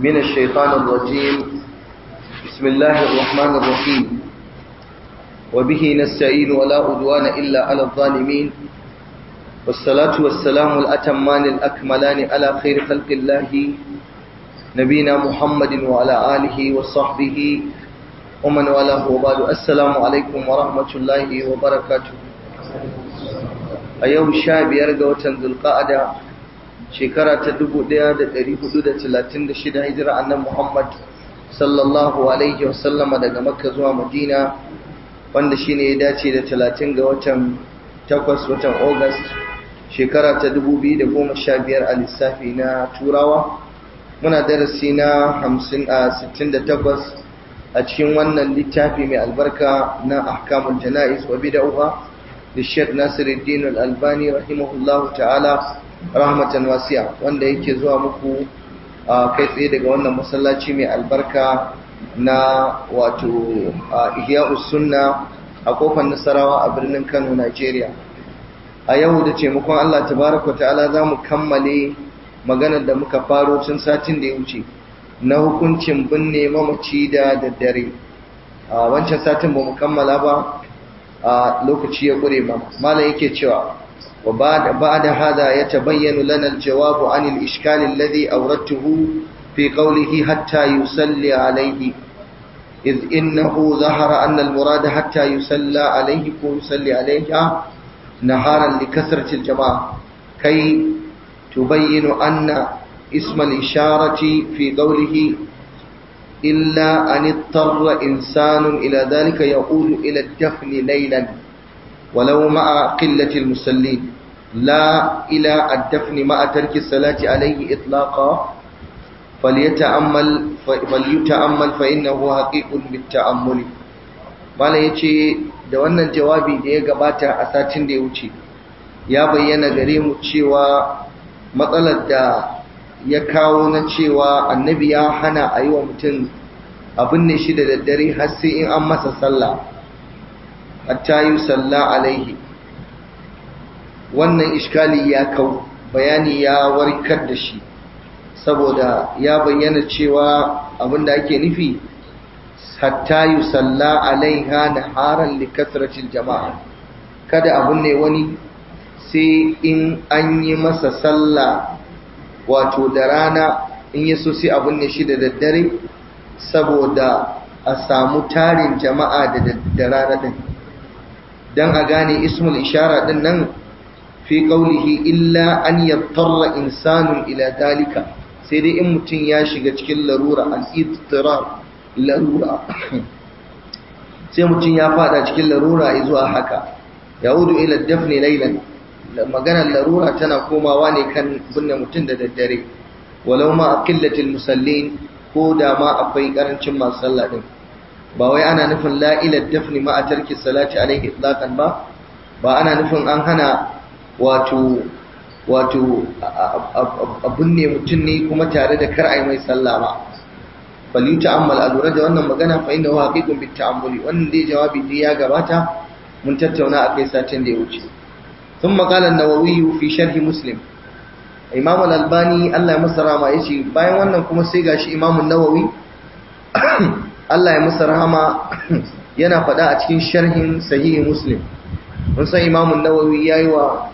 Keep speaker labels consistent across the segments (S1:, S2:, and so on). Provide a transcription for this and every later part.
S1: من الشيطان الرجيم بسم الله الرحمن الرحيم وبه نستعين ولا أدوان إلا على الظالمين والصلاة والسلام الأتمان الأكملان على خير خلق الله نبينا محمد وعلى آله وصحبه ومن والاه وبعد السلام عليكم ورحمة الله وبركاته a yau sha biyar ga watan zulka'ada shekara ta 1436 hijira annan Muhammad sallallahu alaihi wasallama daga Makka zuwa Madina wanda shine ya dace da 30 ga watan 8 watan August shekara ta 2015 a lissafi na Turawa muna darasi na 68 a cikin wannan littafi mai albarka na ahkamul jana'iz wa bid'ah da Sheikh Nasiruddin Al-Albani rahimahullahu ta'ala rahmatan wasiya wanda yake zuwa muku a kai tsaye daga wannan masallaci mai albarka na wato ihya sunna a kofar nasarawa a birnin kano nigeria a yau da taimakon allah tabaraka ta'ala za mu kammale maganar da muka faro tun satin da ya wuce na hukuncin binne mamaci da daddare a wancan satin ba mu kammala ba a lokaci ya ƙure ba malam yake cewa وبعد بعد هذا يتبين لنا الجواب عن الإشكال الذي أوردته في قوله حتى يصلي عليه إذ إنه ظهر أن المراد حتى يصلى عليه يصلي عليه نهارا لكثرة الجماعة كي تبين أن اسم الإشارة في قوله إلا أن اضطر إنسان إلى ذلك يقول إلى الدفن ليلاً ولو مع قلة المسلين لا إلى الدفن salati alaihi الصلاة عليه إطلاقا فليتأمل فليتأمل فإنه حقيق بالتأمل bala ya ce da wannan jawabi da ya gabata a satin da ya wuce ya bayyana gare mu cewa matsalar da ya kawo na cewa annabi ya hana a yi wa mutum abin ne shi da daddare har sai in an masa sallah hatta salla alaihi wannan iskali ya kau bayani ya warkar da shi saboda ya bayyana cewa abinda ake nufi hatta salla alaiha haran likasarcin jama'a kada abin ne wani sai in an yi masa salla wato da rana in yi so sai abin ne shi da daddare saboda a samu tarin jama'a da daddara ɗin dan a gane ismul ishara din nan fi qawlihi illa an yattarra insanun ila dalika sai dai in mutum ya shiga cikin larura al larura sai mutum ya fada cikin larura zuwa haka yaudu ila dafni laylan maganar larura tana komawa ne kan binne mutum da daddare walau ma a killatin musallin ko da ma akwai ƙarancin masu sallah din ba wai ana nufin la dafni ma a tarki salati alaihi ba ba ana nufin an hana wato wato ne mutum ne kuma tare da kar ai mai sallah ba bal a lura da wannan magana fa innahu haqiqun bit ta'ammuli wannan dai jawabi dai ya gabata mun tattauna kai satin da ya wuce sun qala an-nawawi fi sharh muslim imam albani Allah ya masa ya yace bayan wannan kuma sai gashi imam an-nawawi Allah ya musa rahama yana faɗa a cikin sharhin sahihin muslim mun san imamun nawawi ya yi wa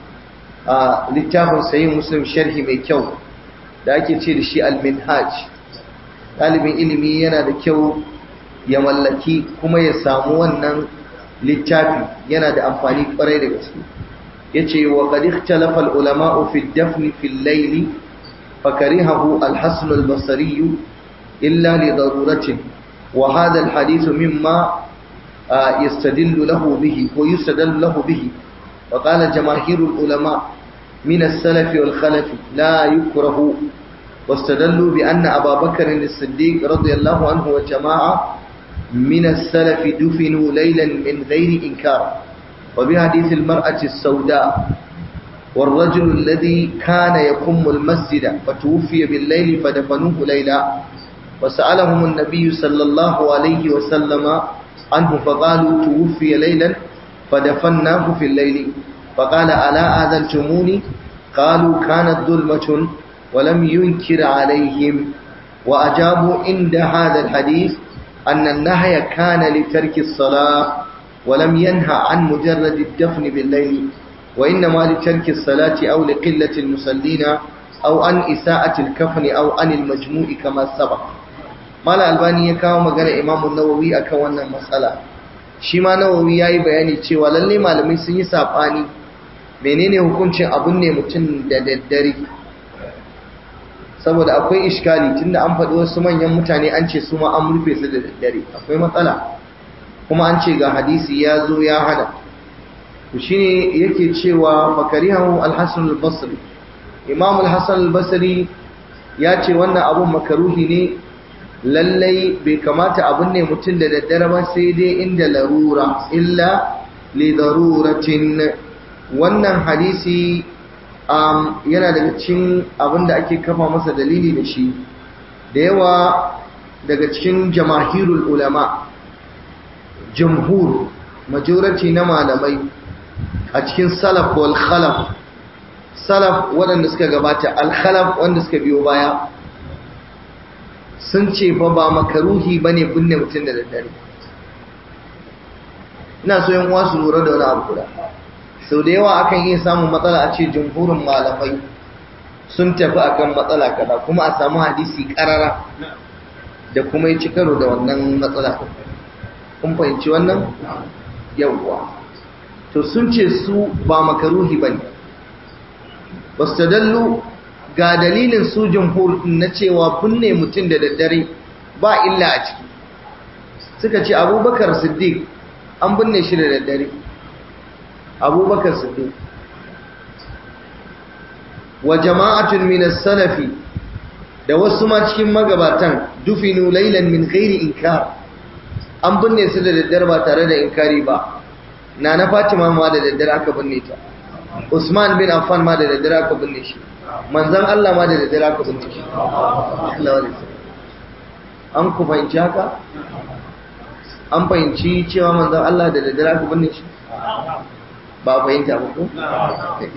S1: littafin sahihin muslim sharhi mai kyau da ake ce da shi al-minhaj ɗalibin ilimi yana da kyau ya mallaki kuma ya samu wannan littafi yana da amfani kwarai da gaske yace wa qad ikhtalafa al-ulama'u fi ad-dafn fi al-layl fakarihahu al-hasan illa وهذا الحديث مما يستدل له به ويستدل له به وقال جماهير العلماء من السلف والخلف لا يكره واستدلوا بأن أبا بكر الصديق رضي الله عنه وجماعة من السلف دفنوا ليلا من غير إنكار وبحديث المرأة السوداء والرجل الذي كان يقم المسجد فتوفي بالليل فدفنوه ليلا وسألهم النبي صلى الله عليه وسلم عنه فقالوا توفي ليلا فدفناه في الليل فقال ألا آذنتموني قالوا كانت ظلمة ولم ينكر عليهم وأجابوا عند هذا الحديث أن النهي كان لترك الصلاة ولم ينهى عن مجرد الدفن بالليل وإنما لترك الصلاة أو لقلة المصلين أو عن إساءة الكفن أو عن المجموع كما سبق mala albani ya kawo magana imamu nawawi akan wannan matsala shi ma nawawi ya yi bayani cewa lalle malamai sun yi saɓani menene hukuncin abun ne mutum da daddare saboda akwai iskali tunda an faɗi wasu manyan mutane an ce su ma an rufe su da daddare akwai matsala kuma an ce ga hadisi ya zo ya hada to shine yake cewa fakarihahu al-hasan al-basri imam al-hasan al-basri ya ce wannan abun makaruhi ne lallai bai kamata abin ne mutum da daddare ba sai dai inda larura illa li daruratin wannan hadisi um, yana daga cikin abin da ake kafa masa dalili da shi da yawa daga cikin jamahirul ulama jamhur majority na malamai a cikin salaf wal khalaf salaf waɗanda suka gabata al khalaf wanda suka biyo baya sun ce fa ba makaruhi bane kunne mutum da daddare ina so yin wasu su lura da wani abu guda sau da yawa akan iya samun matsala a ce jimhurin malamai sun tafi akan matsala kada kuma a samu hadisi karara da kuma ya cikaro da wannan matsala kun fahimci wannan yawwa to sun ce su ba makaruhi bane dallo? ga dalilin su jamhur na cewa binne mutum da daddare ba illa a ciki suka ce abubakar siddiq an binne shi da daddare abubakar siddiq wa jama'atun min salafi da wasu ma cikin magabatan dufinu laylan min ghairi inkar an binne su da daddare ba tare da inkari ba nana fatima ma da daddare aka binne ta usman bin affan ma da daddare aka binne shi manzan Allah ma da daddare aka bincike an ku fahimci haka an fahimci cewa manzan Allah da daddare aka binne shi ba fahimta ba ko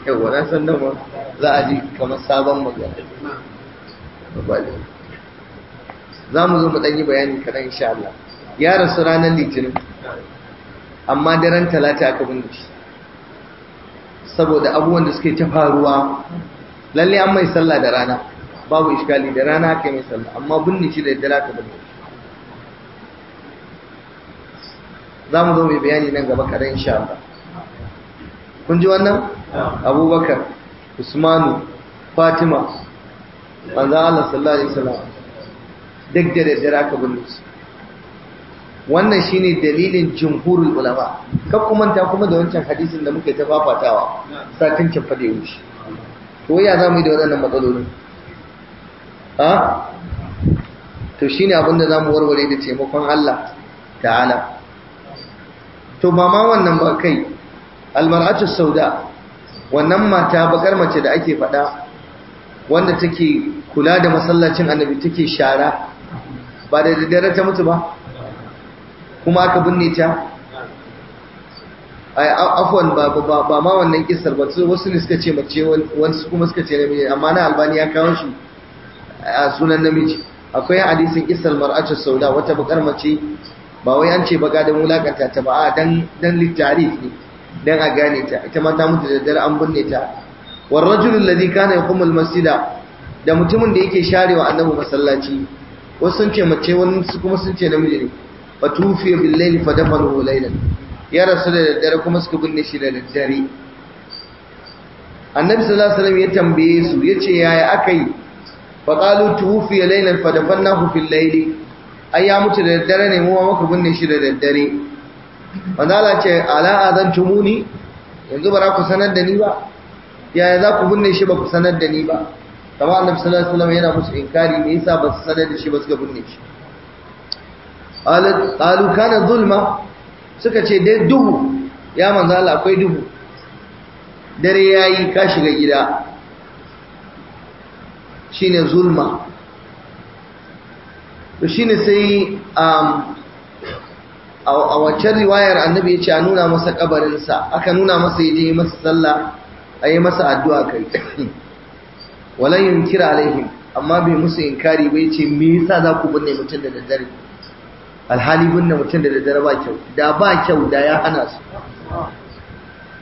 S1: yawa na san nan za a ji kamar sabon magana za mu zo mu ɗan yi bayani kaɗan insha Allah ya rasu ranar litinin amma daren talata aka binne shi saboda abubuwan da suke ta faruwa lalle an mai sallah da rana babu iskali da rana aka mai sallah amma bunni shi da daddare aka binne za mu zo mai bayani nan gaba kaɗan insha Allah kun ji wannan abubakar usmanu fatima manzo Allah sallallahu alaihi wasallam duk da daddare aka binne Wannan wannan shine dalilin jumhurul ulama kar ku manta kuma da wancan hadisin da muke ta fafatawa satin can fade wuce to ya za mu yi da waɗannan matsalolin a to shi ne abinda za mu warware da taimakon Allah ta'ala to ba ma wannan ba kai almar'atu sauda wannan mata bakar mace da ake faɗa wanda take kula da masallacin annabi take shara ba da daddare ta mutu ba kuma aka binne ta afwan ba ba ba ma wannan kissar ba wasu ne suka ce mace wasu kuma suka ce namiji amma na albani ya kawo shi a sunan namiji akwai hadisin kissar mar'atu sauda wata bakar mace ba wai an ce baga da wulakanta ta ba a dan dan litarif ne dan a gane ta ita ma ta mutu da dare an binne ta war rajul alladhi kana yaqumul almasjida da mutumin da yake sharewa annabi masallaci wasu sun ce mace wani kuma sun ce namiji ne fa tufiya bil layli fa dafanu laylan ya rasu da daddare kuma suka binne shi da daddare annabi sallallahu alaihi wasallam ya tambaye su yace yaya akai fa qalu tuwfi laylan fa dafannahu fil layli ai ya mutu da daddare ne mu ma muka binne shi da daddare manzala ce ala tumuni yanzu ba za ku sanar da ni ba yaya za ku binne shi ba ku sanar da ni ba kamar annabi sallallahu alaihi wasallam yana musu inkari me yasa ba su sanar da shi ba suka binne shi qalu kana zulma suka ce dai duhu ya manzo Allah akwai duhu dare yayi ka shiga gida shine zulma to shine sai um, a wancan riwayar annabi ya ce a nuna masa kabarinsa aka nuna masa yaje masa sallah a yi masa addu'a kai walan yunkira alaihim amma bai musu inkari bai ce me yasa za ku binne mutum da daddare alhali binne mutum da daddare ba kyau da ba kyau da ya hana su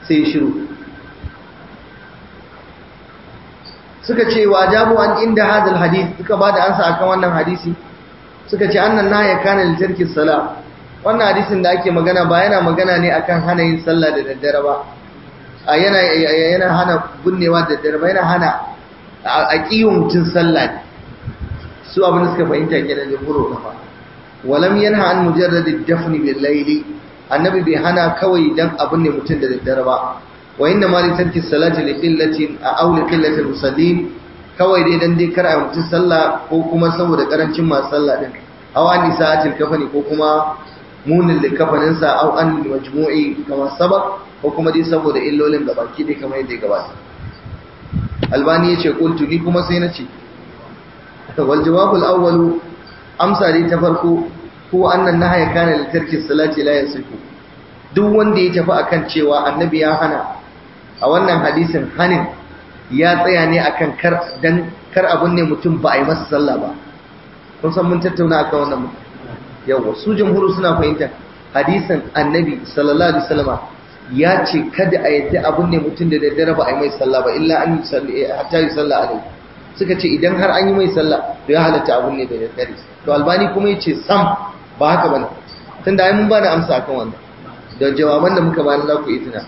S1: sai shiru suka ce wa jabu an inda hadal hadith suka ba da ansa akan wannan hadisi suka ce annan ya kana lil tarki sala wannan hadisin da ake magana ba yana magana ne akan hana yin sallah da daddare ba a yana yana hana bunnewa da daddare ba yana hana a kiyun mutum sallah su abin da suka fahimta kenan jumhurul ulama walam yanha an mujarrad ad-dafn bil-layl annabi bai hana kawai dan abin ne mutum da daddare ba wa inna ma li tarki salati li qillatin aw musallin kawai dai dan dai kar a mutum sallah ko kuma saboda karancin masu sallah din aw an sa'atil kafani ko kuma munin da kafaninsa a an majmu'i kama ko kuma dai saboda illolin da baki dai kamar yadda gabata albani yace qultu ni kuma sai nace wal jawabul awwalu amsa dai ta farko ko annan haya kana litarki salati la yasifu duk wanda ya tafi akan cewa annabi ya hana a wannan hadisin hanin ya tsaya ne akan kar dan kar abun ne mutum ba a yi masa sallah ba kun san mun tattauna akan wannan yawa su jamhuru suna fahimta hadisin annabi sallallahu alaihi wasallam ya ce kada a yadda abun ne mutum da daddare ba a yi mai sallah ba illa an yi sallah eh, hatta yi sallah alaihi suka ce idan har an yi mai sallah to ya halatta abun ne da ya kare to albani kuma ya ce sam ba haka ba ne? tun da mun bani amsa akan wannan da jawaban da muka bani za ku izina.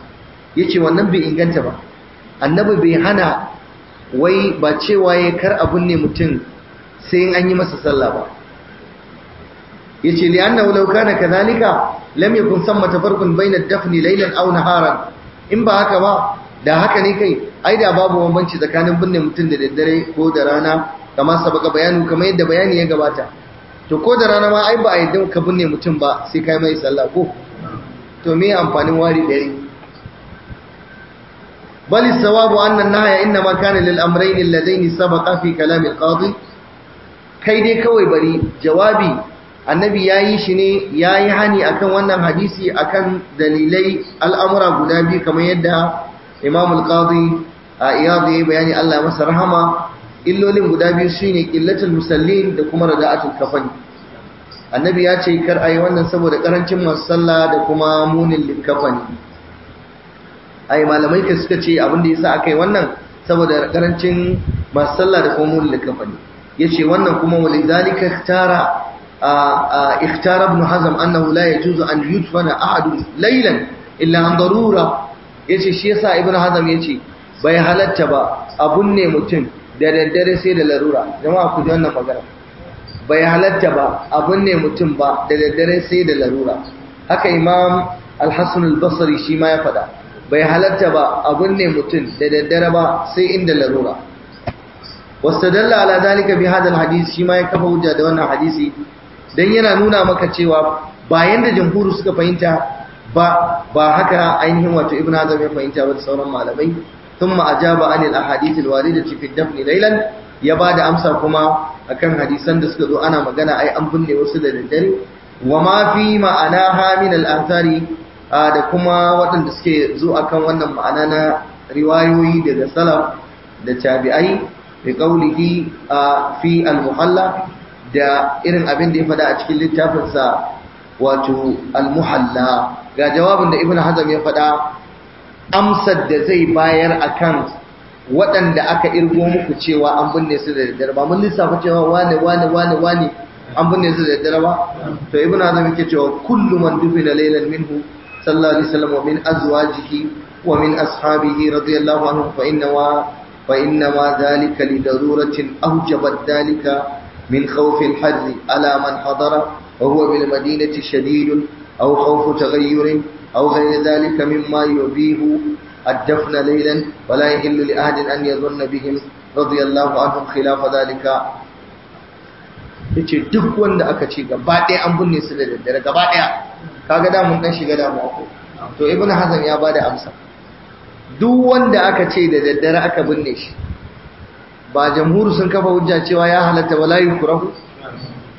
S1: ya ce wannan bai inganta ba annabi bai hana wai ba cewa ya kar abun ne mutum sai in an yi masa sallah ba ya ce annahu law kana kadhalika lam yakun samma tafarqun bayna ad-dafni laylan aw naharan in ba haka ba da haka ne kai ai da babu bambanci tsakanin binne mutum da daddare ko da rana kamar sabaka bayanu kamar yadda bayani ya gabata to ko da rana ma ai ba a yadda ka binne mutum ba sai kai mai sallah ko to me amfanin wari dare bal sawabu anna an inna ma kana lil amrayn alladaini sabaqa fi kalam al-qadi kai dai kawai bari jawabi annabi yayi shi ne yayi hani akan wannan hadisi akan dalilai al'amura guda biyu kamar yadda imam al-qadi a iyad yayi bayani Allah masa rahama illolin guda biyu shine qillatul musallin da kuma rada'atul kafani annabi ya ce kar a yi wannan saboda ƙarancin masu sallah da kuma munin likafani yi malamai ka suka ce abin da yasa akai wannan saboda ƙarancin masu sallah da kuma munin likafani ce wannan kuma wani walidhalika tara اختار ابن حزم أنه لا يجوز أن يدفن أحد ليلا illa عن ضرورة Ya ce shi yasa hazam ya ce bai halatta ba abun ne mutum da daddare sai da larura jama'a ku ji wannan magana bai halatta ba abun ne mutum ba da daddare sai da larura haka imam al-hasan al-basri shi ma ya faɗa bai halatta ba abun ne mutum da daddare ba sai inda larura wastadalla ala zalika bi hadal hadisi shi ma ya kafa hujja da wannan hadisi dan yana nuna maka cewa bayan da jamhuru suka fahimta ba ba haka ainihin wato ibn azam ya fahimta ba da sauran malamai thumma ajaba anil ahadith al warida fi dafni laylan ya bada amsa kuma akan hadisan da suka zo ana magana ai an binne wasu da daddare wa ma fi ma'anaha min al athari da kuma waɗanda suke zo akan wannan ma'ana na riwayoyi daga salaf da tabi'ai bi qawlihi fi al muhalla da irin abin da ya faɗa a cikin littafinsa wato al muhalla ga jawabin da ibn hazm ya faɗa amsar da zai bayar akan waɗanda aka irgo muku cewa an binne su da daddare ba mun lissafa cewa wane wane wane wane an binne su da daddare ba to ibn hazm yake cewa kullu man dufina laylan minhu sallallahu alaihi wasallam wa min azwajihi wa min ashabihi radiyallahu anhum fa inna wa fa inna ma dhalika li daruratin awjabat dhalika min khawf al-hajj ala man hadara wa huwa bil madinati shadidun أو خوف تغير أو غير ذلك مما يبيه الدفن ليلا ولا يحل لأحد أن يظن بهم رضي الله عنهم خلاف ذلك yace duk wanda aka ce gaba ɗaya an binne su da daddare gaba ɗaya kaga da mun dan shiga da mako to ibn hazan ya bada amsa duk wanda aka ce da daddare aka binne shi ba jamhur sun kafa hujja cewa ya halatta wala yukurahu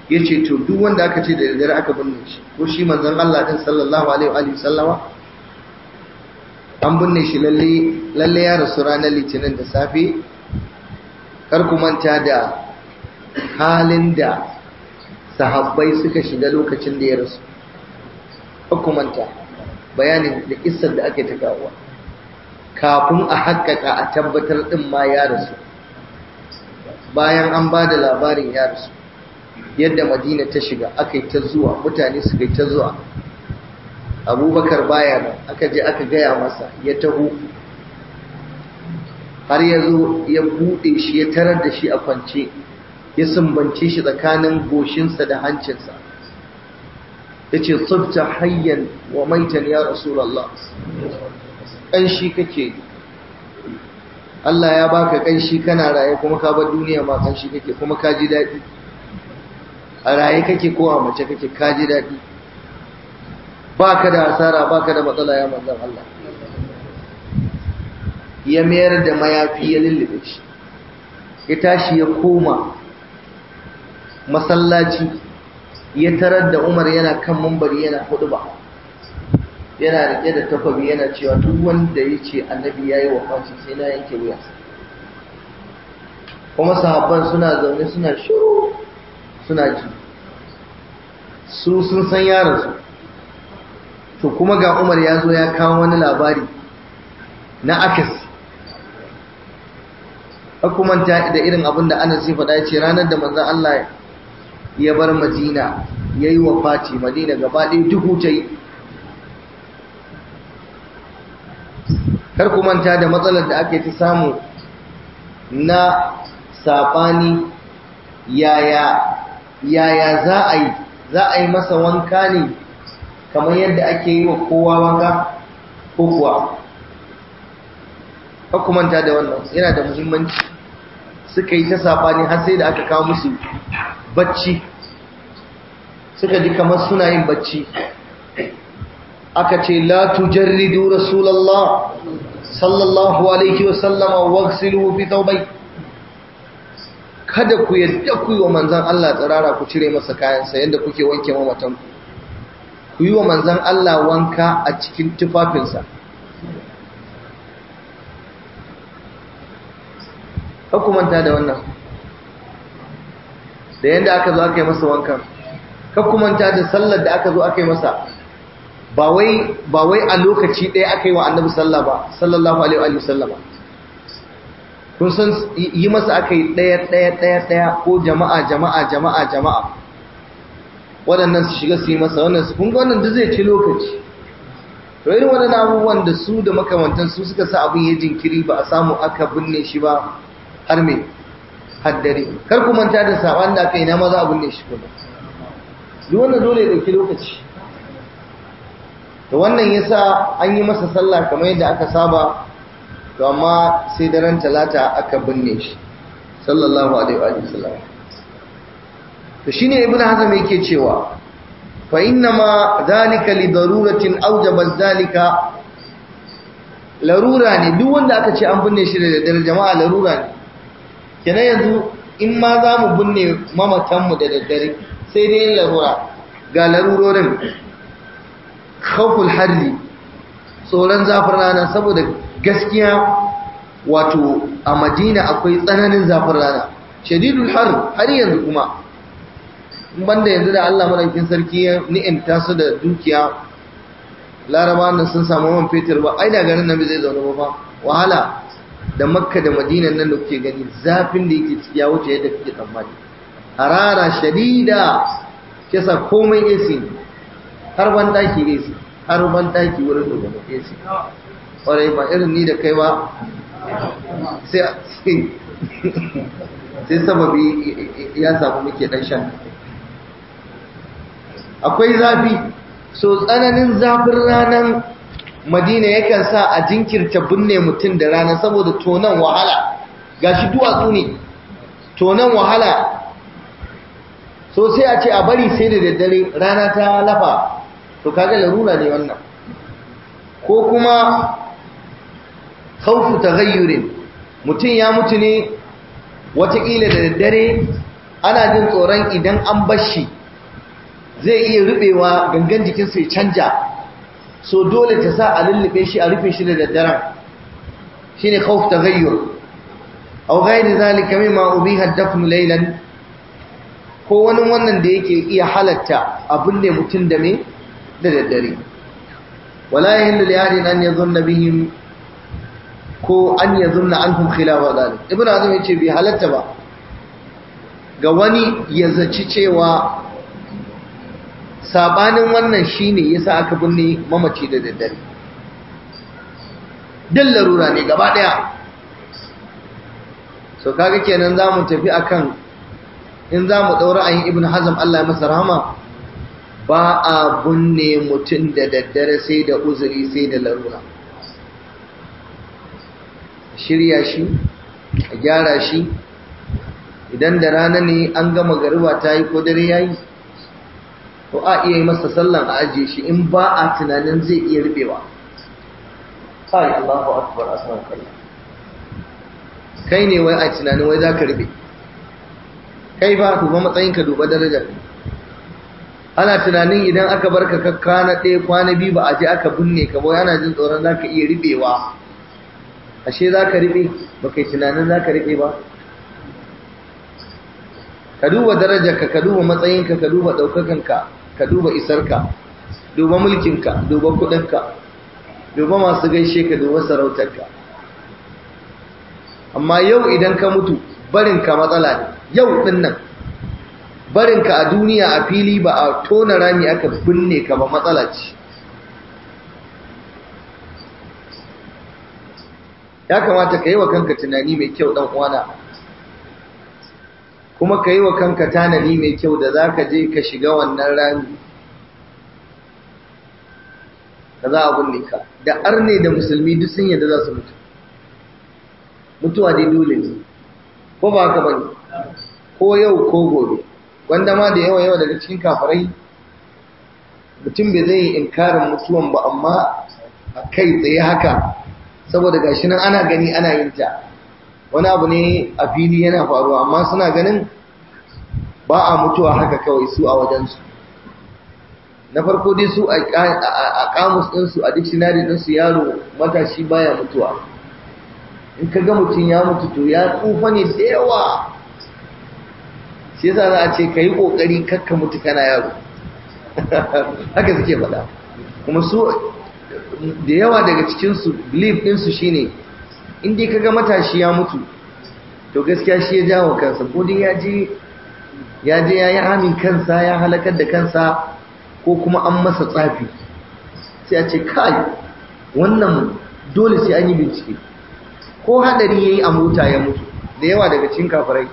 S1: ya ce to duk wanda aka ce da yadda aka binne shi ko shi manzan Allah din sallallahu alaihi wa sallama an binne shi lalle ya rasu ranar litinin da safe kar ku manta da halin da sahabbai suka shiga lokacin da ya rasu kar ku manta bayanin da kissar da ake ta kawo kafin a haƙƙaƙa a tabbatar din ma ya rasu bayan an ba da labarin ya rasu yadda madina ta shiga aka yi ta zuwa mutane su kai ta zuwa abubakar baya nan aka je aka gaya masa ya taho har ya zo ya buɗe shi ya tarar da shi a kwance ya sumbance shi tsakanin goshinsa da hancinsa ya ce tsubta hayyan wa maitan ya rasulallah ƙanshi kake Allah ya baka ƙanshi kana raye kuma ka bar duniya ma ƙanshi kake kuma ka ji daɗi a raye kake ko a mace kake kaji daɗi ba ka da asara ba ka da matsala ya manzan Allah ya mayar da mayafi ya lullube shi ya tashi ya koma masallaci ya tarar da umar yana kan mambari yana hudu ba yana rike da takobi yana cewa duk wanda ya ce annabi ya yi wa sai na yanke wuya kuma sahabban suna zaune suna shiru suna ci su sun san yaransu to kuma ga umar ya zo ya kawo wani labari na akas ta da irin abin da ana ya ce ranar da manzan Allah ya bar madina ya yi wa Fati madina gaba ɗin duhu ta yi kar ku manta da matsalar da ake ta samu na saɓani yaya yaya za a yi za a yi masa wanka ne kamar yadda ake yi wa kowa wanka ko kuwa hukumanta da wannan yana da muhimmanci suka yi ta sabani har sai da aka kawo musu bacci suka ji kamar suna yin bacci aka ce la tujarridu rasulullah sallallahu alaihi wasallam waghsiluhu fi Taubai. kada ku yadda ku yi wa manzan Allah tsirara ku cire masa kayansa yadda kuke wanke mamatan ku yi wa manzan Allah wanka a cikin tufafinsa ku manta da wannan da yadda aka zo aka yi masa wankan ku manta da sallar da aka zo aka yi masa ba wai a lokaci ɗaya aka yi wa annabi sallah ba sallallahu alaihi wa sallama kun san yi masa aka yi ɗaya ɗaya ɗaya ɗaya ko jama'a jama'a jama'a jama'a waɗannan su shiga su yi masa wannan su kun wannan da zai ci lokaci to irin waɗannan abubuwan da su da makamantan su suka sa abin ya jinkiri ba a samu aka binne shi ba har me haddare kar ku manta da saɓan da aka yi na maza a binne shi kuma duk wannan dole ya ɗauki lokaci to wannan yasa an yi masa sallah kamar yadda aka saba to amma sai daren talata aka binne shi sallallahu alaihi wa sallam to shine ibn hazm yake cewa fa inna ma zalika li daruratin awjaba zalika larura ne duk wanda aka ce an binne shi da daddare jama'a larura ne kenan yanzu in ma za mu binne mu da daddare sai dai larura ga larurorin khawful harri tsoron zafin rana saboda gaskiya wato a madina akwai tsananin zafin rana shadidul har har yanzu kuma banda yanzu da allah madankin sarki ya ni'imta su da dukiya laraba nan sun samu man fetur ba ai da garin nan zai zauna ba wahala da makka da madina nan da kuke gani zafin da yake ciki ya wuce yadda kuke tsammani harara shadida kisa komai AC har ban daki AC har ban daki wurin da AC kwarai ba irin ni da kai ba sai sababi ya samu muke dan shan akwai zafi so tsananin zafin ranar madina yakan sa a jinkirta binne mutum da rana saboda tonan wahala gashi duwatsu ne tonan wahala so sai a ce a bari sai da daddare rana ta lafa to kaga larura ne wannan ko kuma khawfu taghayyurin mutum ya mutu ne watakila da daddare ana jin tsoron idan an bashi zai iya rubewa gangan jikinsa ya canja so dole ta sa a lullube shi a rufe shi da daddaren shine khawf taghayyur aw ghayr zalika mimma ubiha dafn laylan ko wani wannan da yake iya halatta abin ne mutum da me da daddare wala yahillu li ahadin an yadhunna bihim ko an yazunna anhum khilafa Ibn ibnu ya yace bai halatta ba ga wani ya zaci cewa sabanin wannan shine yasa aka binne mamaci da daddare dan larura ne gaba daya so kaga kenan zamu tafi akan in zamu daura ayin ibnu hazm Allah ya masa rahama ba a binne mutum da daddare sai da uzuri sai da larura shirya shi a gyara shi idan da rana ne an gama Garba ta yi ko dare ya yi ko a iya yi masa sallan a ajiye shi in ba a tunanin zai iya rubewa kai Allahu akbar asman kai kai ne wai a tunanin wai za ka rube kai ba ku matsayin matsayinka duba darajar ana tunanin idan aka barka ka na ɗaya kwana biyu ba a je aka binne ka bai ana jin tsoron za ka iya rubewa ashe za ka riɓe ba kai tunanin za ka riɓe ba ka duba darajarka ka duba matsayinka ka duba ɗaukakanka ka duba isarka duba mulkinka duba kuɗinka duba masu gaishe ka duba sarautarka amma yau idan ka mutu barinka matsala ne yau ɗin nan barinka a duniya a fili ba a tona rami aka binne ka ba matsala ce ya kamata ka yi wa kanka tunani mai kyau dan uwana kuma ka yi wa kanka tanani mai kyau da za ka je ka shiga wannan rami ka za a binne ka da arne da musulmi duk sun yadda za su mutu mutuwa dai dole ne ko ba haka bane ko yau ko gobe wanda ma da yawa yawa daga cikin kafarai mutum bai zai inkarin mutuwan ba amma a kai tsaye haka saboda gashi nan ana gani ana yin ta wani abu ne a fili yana faruwa amma suna ganin ba a mutuwa haka kawai su a wajensu na farko dai su a kamus ɗinsu a dictionary ɗinsu yaro matashi baya mutuwa in ka ga mutum ya mutu to ya tsufa ne da yawa shi yasa a ce ka yi ƙoƙari kakka mutu kana yaro haka suke faɗa kuma su da yawa daga cikinsu belief ɗinsu shine in dai kaga matashi ya mutu to gaskiya shi ya jawo kansa ko dai ya je ya ya yi amin kansa ya halakar da kansa ko kuma an masa tsafi sai a ce kai wannan dole sai an yi bincike ko hadari ya yi a mota ya mutu da yawa daga cikin kafirai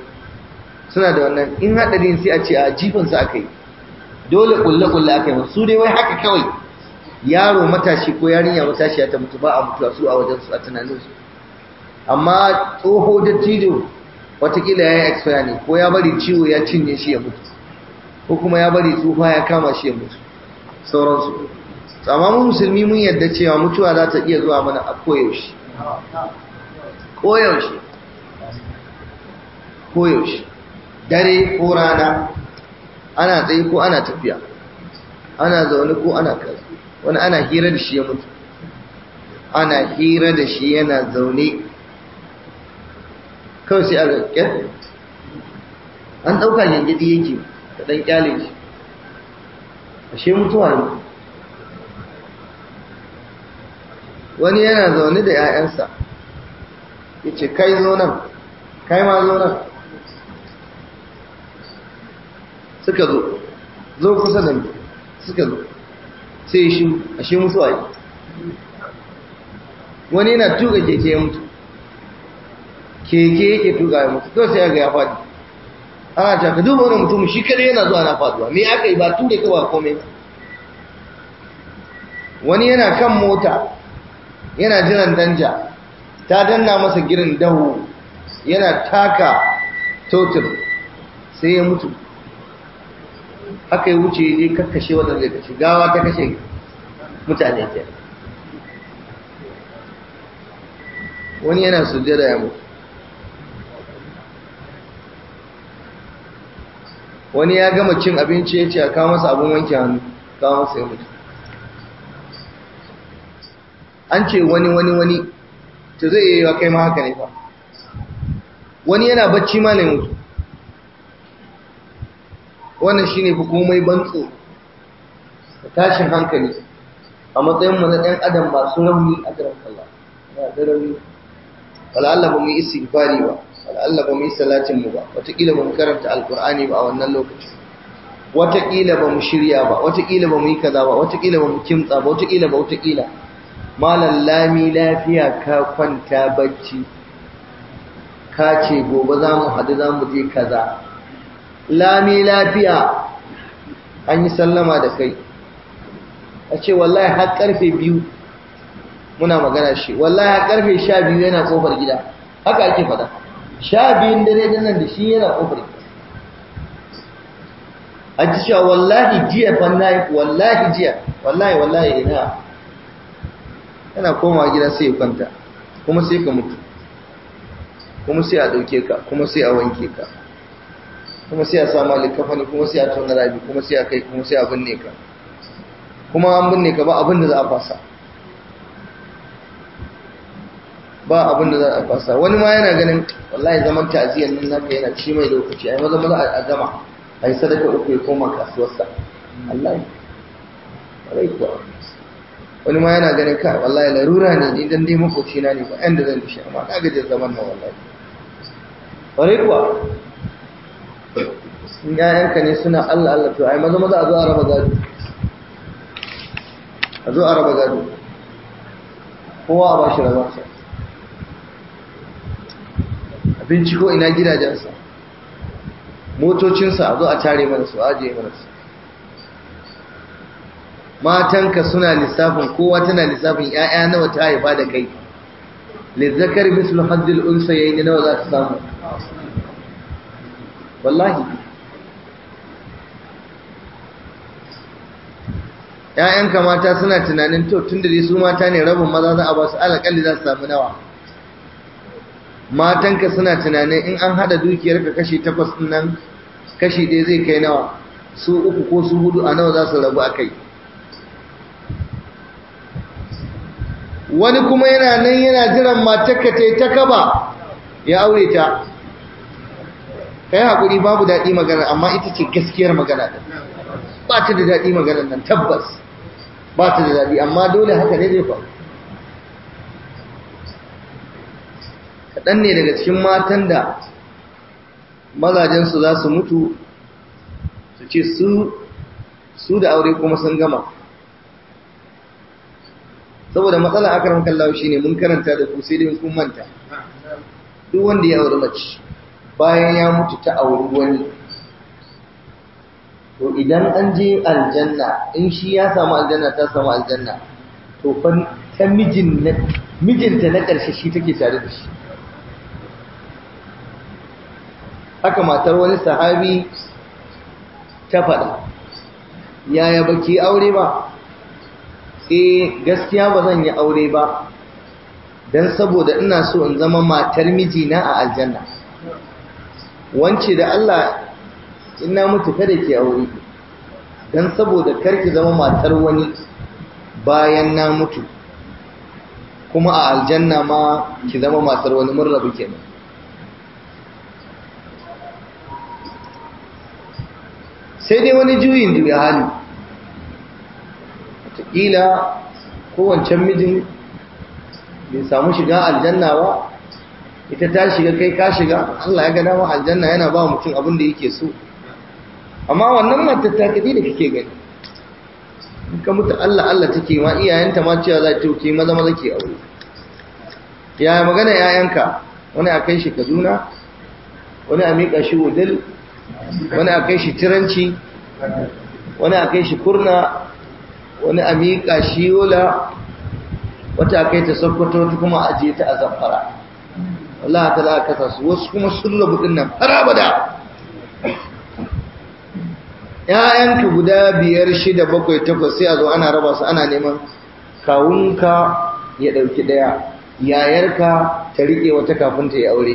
S1: suna da wannan in hadarin sai a ce a jifinsa aka yi dole ƙulle-ƙulle aka yi su dai wai haka kawai yaro matashi ko yarinya matashi ta mutu ba a mutuwa su a wajen su a tunanin su amma tsoho dattijo watakila ya yi expire ne ko ya bari ciwo ya cinye shi ya mutu ko kuma ya bari tsufa ya kama shi ya mutu sauransu amma mu musulmi mun yadda cewa mutuwa za ta iya zuwa mana a koyaushe koyaushe koyaushe dare ko rana ana tsaye ko ana tafiya ana zaune ko ana kaza wani ana hira da shi ya mutu ana hira da shi yana zaune kawai sai a ƙyar an ɗauka gyangyadi yake da ɗan ƙyale shi ashe mutuwa ne wani yana zaune da 'ya'yansa ya ce kai zo nan kai ma zo nan suka zo zo kusa da suka zo sai shi ashe musu yi wani yana tuka keke ya mutu keke yake tuka ya mutu to sai ga ya faɗi ana ta ka duba wani mutum shi kadai yana zuwa na faduwa me aka yi ba tun da kawai komai wani yana kan mota yana jiran danja ta danna masa girin dahu yana taka totir sai ya mutu haka ya wuce ya kakkashe wadanda zai kashe gawa ta kashe mutane ke wani yana sujjada ya mutu wani ya gama cin abinci ya ce a kawo masa abin wanke hannu kawo masa ya mutu an ce wani wani wani ta zai yi wa kai ma haka ne fa wani yana bacci ma ne mutu wannan shine fi komai bantsu. tsoro da tashin hankali a matsayin mu na ɗan adam masu rauni a garin Allah ya da rauni wala Allah ba mu yi istighfari ba wala Allah ba mu yi salatin mu ba wataƙila ba mu karanta alqur'ani ba a wannan lokacin wataƙila ba mu shirya ba wataƙila ba mu yi kaza ba wataƙila ba mu kimtsa ba wataƙila ba wataƙila malam lami lafiya ka kwanta bacci ka ce gobe za mu haɗu za mu je kaza lami lafiya an yi sallama da kai a ce wallahi har karfe biyu muna magana shi wallahi har karfe sha biyu yana kofar gida haka ake fada sha biyun dare da nan da shi yana kofar gida a ci cewa wallahi jiya fannayi wallahi jiya wallahi wallahi ina yana komawa gida sai ya kwanta kuma sai ka mutu kuma sai a ɗauke ka kuma sai a wanke ka kuma sai a sama ma likafani kuma sai a tona rabi kuma sai a kai kuma sai a binne ka kuma an binne ka ba abin da za a fasa ba abin da za a fasa wani ma yana ganin wallahi zaman ta'aziyar nan naka yana ci mai lokaci ai maza maza a gama ai sadaka uku ya koma sa wallahi wallahi ko wani ma yana ganin ka wallahi larura ne ni dan dai makoci na ne ba yan da zan dishi amma na zaman nan wallahi wallahi ko ya ka ne suna Allah Allah to ai maza maza a zo a raba gado a zo a raba gado kowa a bashi sa abinci ko ina gidajensa motocinsa a zo a tare mana su ajiye mana su matanka suna lissafin kowa tana lissafin ƴaƴa nawa ta haifa da kai lizzakar mislu haddil unsa yayin nawa za ta samu wallahi ‘ya'yanka mata suna tunanin to tun da dai su mata ne rabin maza za a ba su alaƙalli za su samu nawa matanka suna tunanin in an haɗa dukiyarka kashi takwas nan kashi ɗaya zai kai nawa su uku ko su hudu a nawa za su rabu a kai wani kuma yana nan yana jiran matarka ta ta kaba ya aure ta kai hakuri babu daɗi magana amma ita ce gaskiyar magana ɗin ba ta da daɗi magana nan tabbas ba ta da daɗi amma dole haka ne zai faru kaɗan ne daga cikin matan da mazajensu za su mutu su ce su da aure kuma sun gama saboda matsala akaramkan kallawa shi ne mun karanta da ku sai dai kun manta duk wanda ya aure mace bayan ya mutu ta auri wani to idan an je aljanna in shi ya samu aljanna ta samu aljanna to ta na mijinta na ƙarshe shi take tare da shi haka matar wani sahabi ta faɗa yaya baki aure ba eh gaskiya ba zan yi aure ba don saboda ina so in zama matar mijina a aljanna wance da Allah in na mutu kada ke aure dan saboda karki zama matar wani bayan na mutu kuma a aljanna ma ki zama matar wani mun rabu kenan sai dai wani juyin juya hali wataƙila kowancen mijin bai samu shiga aljanna ba ita ta shiga kai ka shiga Allah ya ga dama aljanna yana ba mutum abin da yake so amma wannan matar ta kadi da kake gani in ka mutu Allah Allah take ma iyayenta ma cewa za ta yi maza maza ke aure yaya magana yayanka wani a kai shi Kaduna wani a miƙa shi Wudil wani a kai shi Tiranci wani a kai shi Kurna wani a miƙa shi Yola wata a kai ta Sokoto wata kuma a je ta a Zamfara Allah ta za su wasu kuma sun rabu din nan har abada guda biyar shida bakwai takwas sai a zo ana raba su ana neman kawunka ya ɗauki ɗaya yayarka ta riƙe wata kafin ta yi aure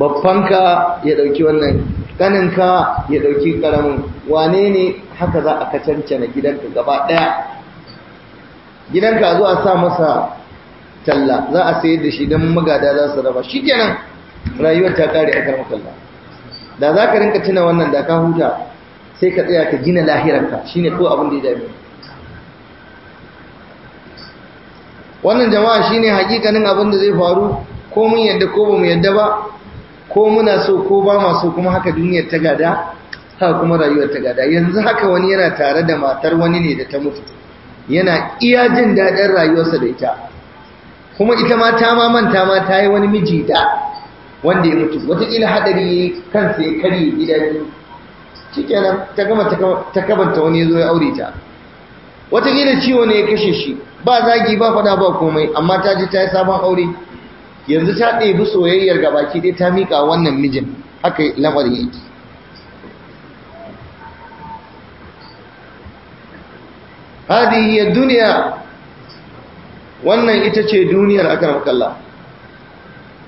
S1: babbanka ya ɗauki wannan ƙaninka ya ɗauki ƙaramin wane ne haka za a kacancana gidanka gaba ɗaya gidanka zuwa sa masa talla za a sayar da shi don magada za su raba shi kenan rayuwar ta kare a karmakalla da za ka rinka tuna wannan da ka huta sai ka tsaya ka gina lahirarka shi ne ko abin da ya dame wannan jama'a shi ne hakikanin abin da zai faru ko mun yadda ko ba mu yadda ba ko muna so ko ba ma so kuma haka duniyar ta gada haka kuma rayuwar ta gada yanzu haka wani yana tare da matar wani ne da ta mutu yana iya jin daɗin rayuwarsa da ita kuma ita ma ta ma manta ma ta yi wani miji da wanda ya mutu wataƙila haɗari kansa ya karye gida biyu shi kenan ta gama ta kabanta wani ya zo ya aure ta wataƙila ciwo ne ya kashe shi ba zagi ba faɗa ba komai amma ta je ta yi sabon aure yanzu ta ɗebi soyayyar gabaki dai ta miƙa wannan mijin haka lamarin yake هذه هي الدنيا wannan ita ce duniyar akar makalla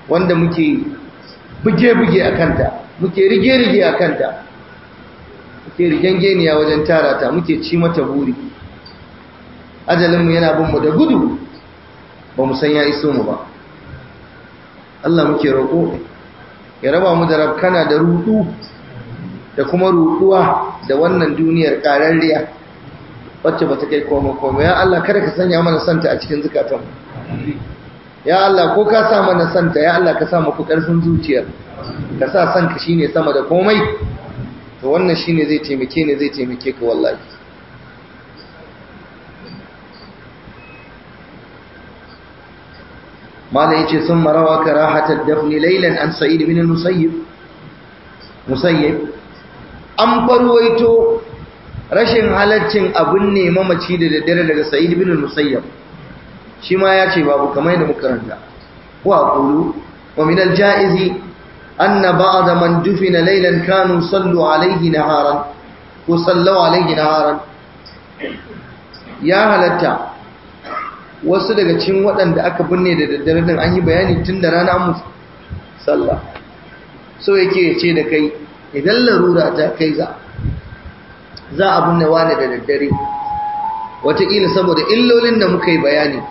S1: wanda muke buge-buge a kanta muke rige-rige a kanta muke rigen geniya wajen tara ta muke ci mata buri ajalinmu yana binmu da gudu ba mu san ya iso mu ba Allah muke roƙo ya raba mu da rafkana da ruɗu da kuma ruduwa da wannan duniyar ƙararriya wacce ba ta kai koma koma ya Allah kada ka sanya mana santa a cikin zukatan ya Allah ko ka sa mana santa ya Allah ka sa mu ƙarfin zuciyar ka sa san ka shine sama da komai to wannan shine zai taimake ni zai taimake ka wallahi malai yace sun marawa ka karahata dafn laylan an sa'id bin al-musayyib musayyib an farwaito rashin halaccin abun ne mamaci da daddare daga sa'id bin musayyab shi ma ya ce babu kamar yadda muka ranta wa qulu wa min al-ja'izi anna ba'da man dufina laylan kanu sallu alayhi naharan ko sallu alayhi naharan ya halatta wasu daga cikin waɗanda aka binne da daddare din an yi bayani tun da rana mu sallah so yake ce da kai idan larura ta kai za za a binne wane da daddare wataƙila saboda illolin da muka yi bayani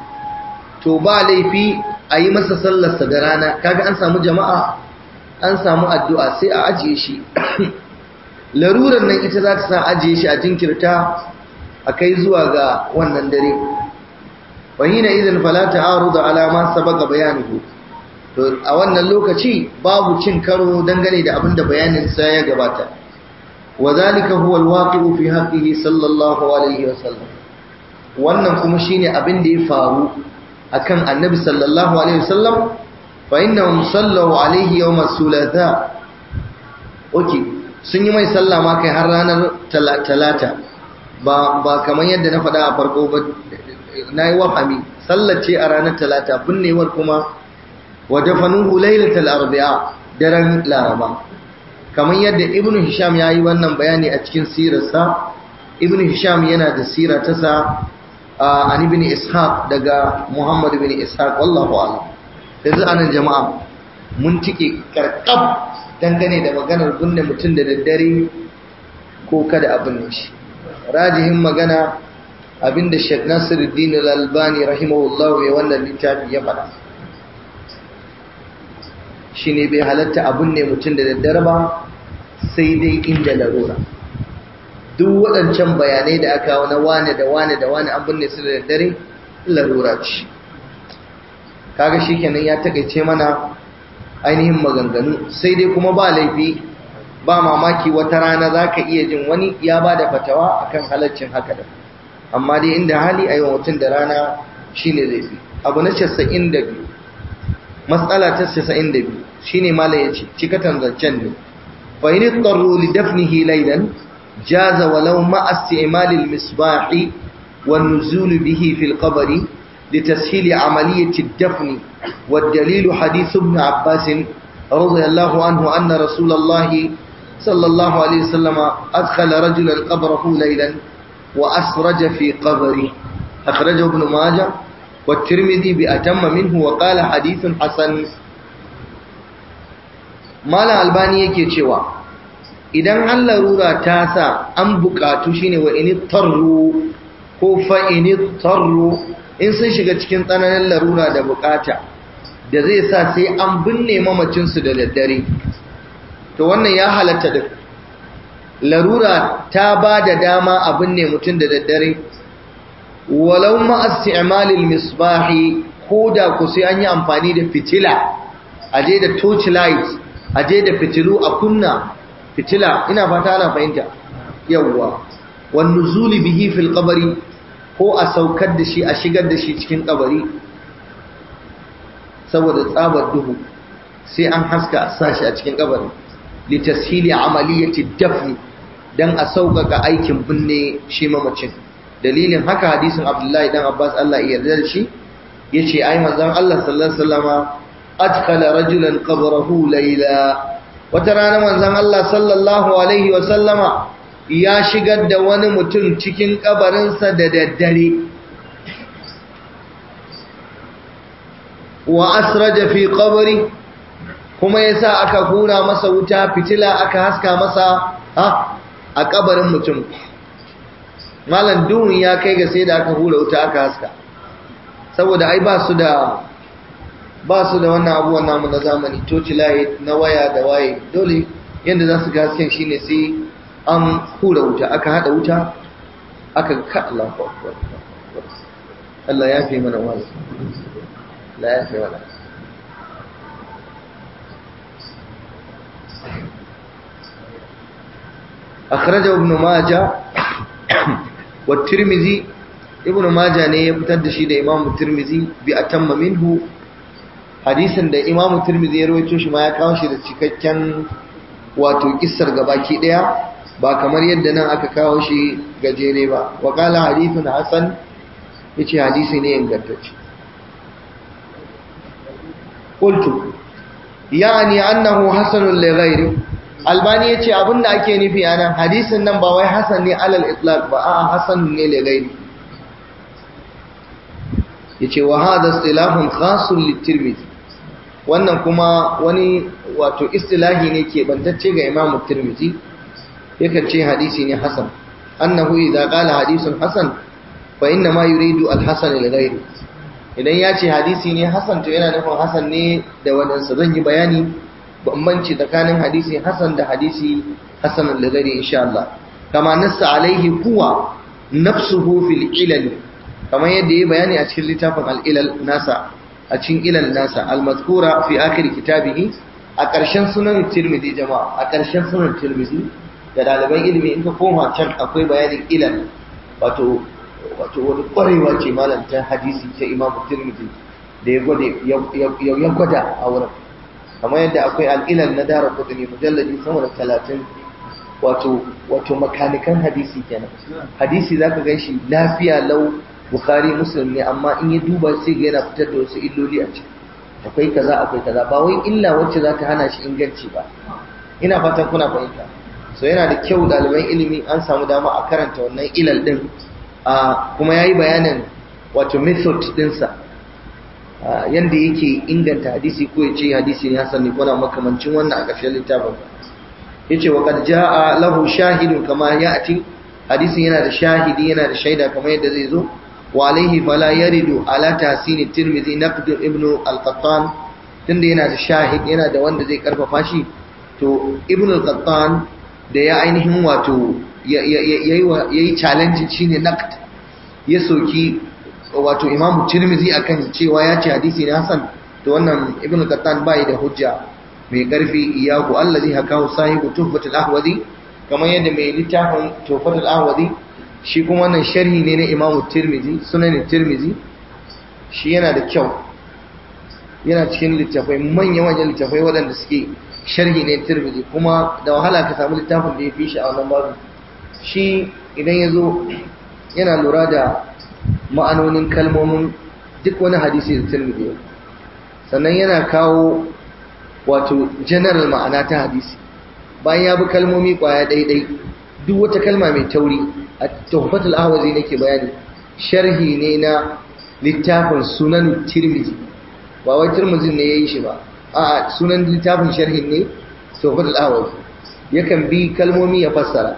S1: to ba laifi a yi masa sallarsa da rana kaga an samu jama'a an samu addu'a sai a ajiye shi larurar nan ita za ta sa ajiye shi a jinkirta a kai zuwa ga wannan dare wahina izin falata aro da alama sabaka bayanihu to a wannan lokaci babu cin karo dangane da abinda bayaninsa ya gabata وذلك هو الواقع في حقه صلى الله عليه وسلم wannan kuma shine abin da ya faru akan annabi sallallahu alaihi wasallam fa innahum sallu alaihi yawm as-sulatha okay sun yi mai sallah ma kai har ranar talata ba ba kamar yadda na faɗa a farko ba nayi wahami sallar ce a ranar talata Bunnewar kuma wa dafanuhu lailatal arba'a daren laraba kamar yadda ibnu hisham ya yi wannan bayani a cikin sirarsa ibnu hisham yana da sira ta sa an ibn ishaq daga muhammad ibn ishaq wallahu a'lam yanzu anan jama'a mun tike karkab dangane da maganar gunne mutum da daddare ko kada abin ne shi rajihin magana abinda Sheikh Nasiruddin Al-Albani rahimahullahu ya wannan littafi ya faɗa ne bai halatta abun ne mutum da daddare ba sai dai inda larura duk waɗancan bayanai da aka wani wane da wane da wane abun ne su da daddare larura ce kaga kenan ya takaice mana ainihin maganganu sai dai kuma ba laifi ba mamaki wata rana za ka iya jin wani ya ba da fatawa akan halaccin haka da amma dai inda hali a yi mutum da rana shine laifi abu na casa'in da biyu matsala ta 92 shine malai yace cikatan zancen ne fa in ittaru li dafnihi laylan jaza walau ma isti'mal al misbah wa nuzul bihi fi al qabr amaliyati عملية الدفن wa حديث ابن عباس رضي الله عنه أن رسول الله صلى الله عليه وسلم أدخل رجلا قبره ليلا وأسرج في قبره أخرجه ابن ماجه والترمذي بأتم منه hadisin Hassan. Malam Albani الباني yake cewa idan an larura ta sa an bukatu shine wa in tarru ko fa in tarru in sun shiga cikin tsananin larura da bukata da zai sa sai an binne mamacin su da daddare to wannan ya halatta larura ta ba da dama a binne mutum da daddare walau ma isti'malil misbahi da ku sai an yi amfani da fitila aje da torch light aje da fitilu a kunna fitila ina fata ana fahimta yawwa wan zuli bihi fil ko a saukar da shi a shigar da shi cikin kabari saboda tsabar duhu sai an haska sashi a cikin kabari litashili amaliyati dafni dan a sauƙaƙa aikin binne shi mamacin dalilin haka hadisin abdullahi dan abbas Allah ya yarda da shi yace ai manzon Allah sallallahu alaihi wasallama adkhala rajulan qabrahu layla wata rana manzon Allah sallallahu alaihi wasallama ya shigar da wani mutum cikin kabarinsa da daddare wa asraja fi qabri kuma yasa aka gura masa wuta fitila aka haska masa a kabarin mutum malam duhun ya kai ga sai da aka hura wuta aka haska saboda ai ba su da ba su da wannan abuwan namu na zamani toci layi na waya da waye dole yadda za su gaske shi ne sai an hura wuta aka hada wuta aka ka Allah Allah ya fi mana wasu Allah ya fi mana wasu. أخرجه ابن ماجه wa tirmizi ibnu maja ne ya fitar da shi da imam tirmizi bi atamma minhu hadisin da imam tirmizi ya rawaito shi ma ya kawo shi da cikakken wato kissar gabaki daya ba kamar yadda nan aka kawo shi gajere ba wa qala hadithun hasan yace hadisi ne ingantacce qultu yani annahu hasanun li ghairihi albani ya ce abinda ake nufi a nan hadisin nan ba wai hasan ne alal itlaq ba a hasan ne le gaini ya ce wa hada istilahun khasun littirmizi wannan kuma wani wato istilahi ne ke bantacce ga imamu tirmizi yakan ce hadisi ne hasan annahu idza qala hadisun hasan fa inna ma yuridu al-hasan li ghayri idan ya ce hadisi ne hasan to yana nufin hasan ne da wadansa zan yi bayani bambanci tsakanin hadisi hasan da hadisi hasan da gari insha Allah kama nassa alaihi kuwa nafsuhu fil ilal kamar yadda yayi bayani a cikin littafin al-ilal nasa a cikin ilal nasa al-mazkura fi akhir kitabihi a ƙarshen sunan tirmidhi jama'a a ƙarshen sunan tirmidhi da ɗaliban ilimi in ka koma can akwai bayanin ilal wato wato wani ƙwarewa ce malam ta hadisi ta imam tirmidhi da ya gwada a wurin kamar yadda akwai al'ilal na dara kudini mujalladi sama da talatin wato makanikan hadisi kenan hadisi za ka gan shi lafiya lau bukari musulmi, ne amma in yi duba sai ga yana fitar da wasu illoli a ciki akwai kaza akwai kaza ba wai illa wacce za ta hana shi inganci ba ina fatan kuna fahimta so yana da kyau ɗaliban ilimi an samu dama a karanta wannan ilal din, kuma ya yi bayanin wato method ɗinsa yanda yake inganta hadisi ko ya ce hadisi ne hasan ne kwana makamancin wannan a ƙarshen littafin yace wa ja a lahu shahidun kama ya'ti hadisin yana da shahidi yana da shaida kamar yadda zai zo wa alaihi fala yaridu ala tasin tirmidhi naqd ibn al-qattan tunda yana da shahid yana da wanda zai karfafa shi to ibn al-qattan da ya ainihin wato ya yayi challenge ne naqd ya soki wato imamu tirmizi kan cewa ya ce hadisi na Hassan, to wannan ibnu kattan bai da hujja mai karfi iyaku allazi hakahu sahibu tuhfatul ahwazi kamar yadda mai littafin tuhfatul ahwazi shi kuma wannan sharhi ne na imamu tirmizi sunan tirmizi shi yana da kyau yana cikin littafai manyan wajen littafai waɗanda suke sharhi ne tirmizi kuma da wahala ka samu littafin da ya fi shi a wannan babu shi idan ya zo yana lura da ma'anonin kalmomin duk wani hadisi da tirmidhi sannan yana kawo wato general ma'ana ta hadisi bayan ya bi kalmomi kwaya daidai duk wata kalma mai tauri a tuhfatul ahwazi nake bayani sharhi ne na littafin sunan tirmidhi ba wai tirmidhi ne yi shi ba a sunan littafin sharhin ne tuhfatul ahwazi yakan bi kalmomi ya fassara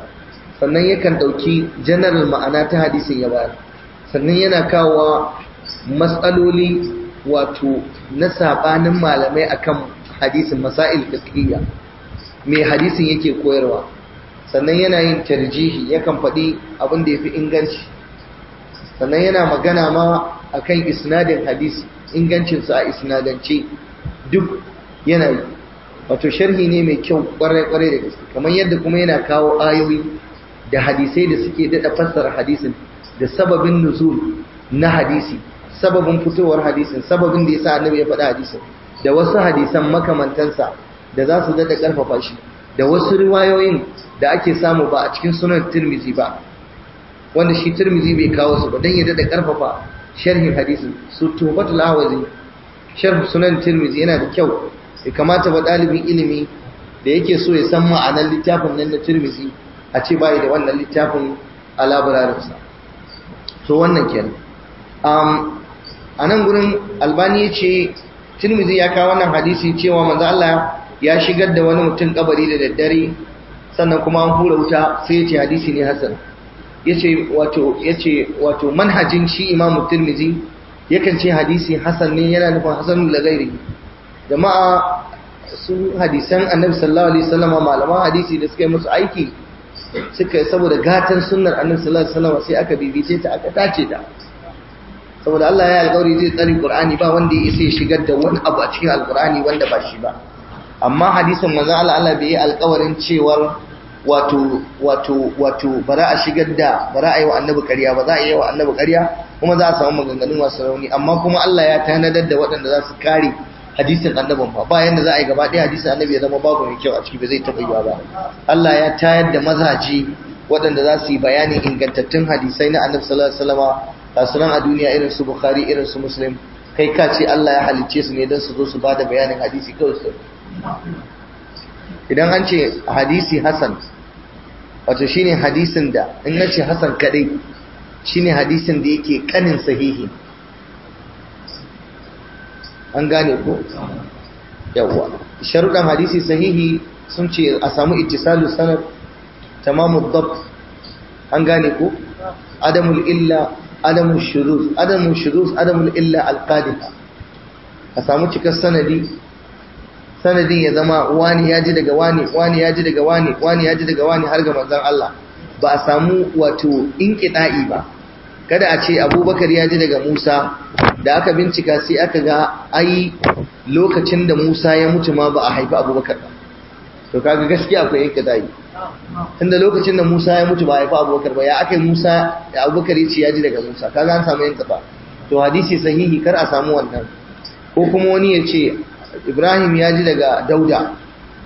S1: sannan yakan dauki general ma'ana ta hadisin ya bayar sannan yana kawo matsaloli wato na sabanin malamai akan hadisin masail fiqhiyya me hadisin yake koyarwa sannan yana yin tarjihi yakan faɗi abin da yafi inganci sannan yana magana ma akan isnadin hadisi ingancinsa a isnadance duk yana yi wato sharhi ne mai kyau kwarai-kwarai da gaske kamar yadda kuma yana kawo ayoyi da hadisai da suke dada fassara hadisin da sababin nuzul na hadisi sababin fitowar hadisin sababin da yasa annabi ya faɗa hadisin da wasu hadisan makamantansa da za su daɗa ƙarfafa shi da wasu riwayoyin da ake samu ba a cikin sunan tirmizi ba wanda shi tirmizi bai kawo su ba dan ya daɗa ƙarfafa sharhin hadisin su tubatul awazi sharh sunan tirmizi yana da kyau ya kamata ba ɗalibin ilimi da yake so ya san ma'anar littafin nan na tirmizi a ce bai da wannan littafin a labararinsa so wannan kenan um a nan gurin albani ya ce tirmizi ya kawo wannan hadisi cewa manzo Allah ya shigar da wani mutum kabari da daddare sannan kuma an hura wuta sai ya ce hadisi ne hasan yace wato yace wato manhajin shi Imam ya yakan ce hadisi hasan ne yana nufin hasanul lagairi jama'a su hadisan Annabi sallallahu alaihi wasallama malaman hadisi da suka yi musu aiki suka saboda gatan sunnar annabi sallallahu alaihi wasallam sai aka bibice ta aka tace ta saboda Allah ya alƙawari zai tsari Qur'ani ba wanda ya isa ya shigar da wani abu a cikin Alƙur'ani wanda ba shi ba amma hadisin manzo Allah Allah bai yi alƙawarin cewar wato wato wato bara a shigar da bara a yi wa annabi ƙarya ba za a yi wa annabi ƙarya kuma za a samu maganganun wasu rauni amma kuma Allah ya tanadar da waɗanda za su kare hadisin annaban fa ba yanda za a yi gaba ɗaya hadisin annabi ya zama babu mai kyau a ciki ba zai taɓa yiwa ba Allah ya tayar da mazaji waɗanda za su yi bayanin ingantattun hadisai na annabi sallallahu alaihi wasallama kasuwan a duniya irin su bukhari irin su muslim kai ka ce Allah ya halicce su ne don su zo su bada bayanin hadisi kawai su idan an ce hadisi hasan wato shine hadisin da in na ce hasan kadai shine hadisin da yake kanin sahihi an gane ko yawwa sharuɗan hadisi sahihi sun ce a samu ittisalu sanad tamamu dab an gane ko adamul illa adamul shuruz adamul shuruz adamul illa alqadima a samu cikar sanadi sanadin ya zama wani ya ji daga wani wani ya ji daga wani wani ya ji daga wani har ga manzon Allah ba a samu wato inqida'i ba kada a ce abubakar ya ji daga musa da aka bincika sai aka ga ai lokacin da musa ya mutu ma ba a haifi abubakar ba to kaga gaskiya akwai yanka zai tunda lokacin da musa ya mutu ba a haifi abubakar ba ya aka yi musa da abubakar ya ce ya ji daga musa kaga an samu yanka ba to hadisi sahihi kar a samu wannan ko kuma wani ya ce ibrahim ya ji daga dauda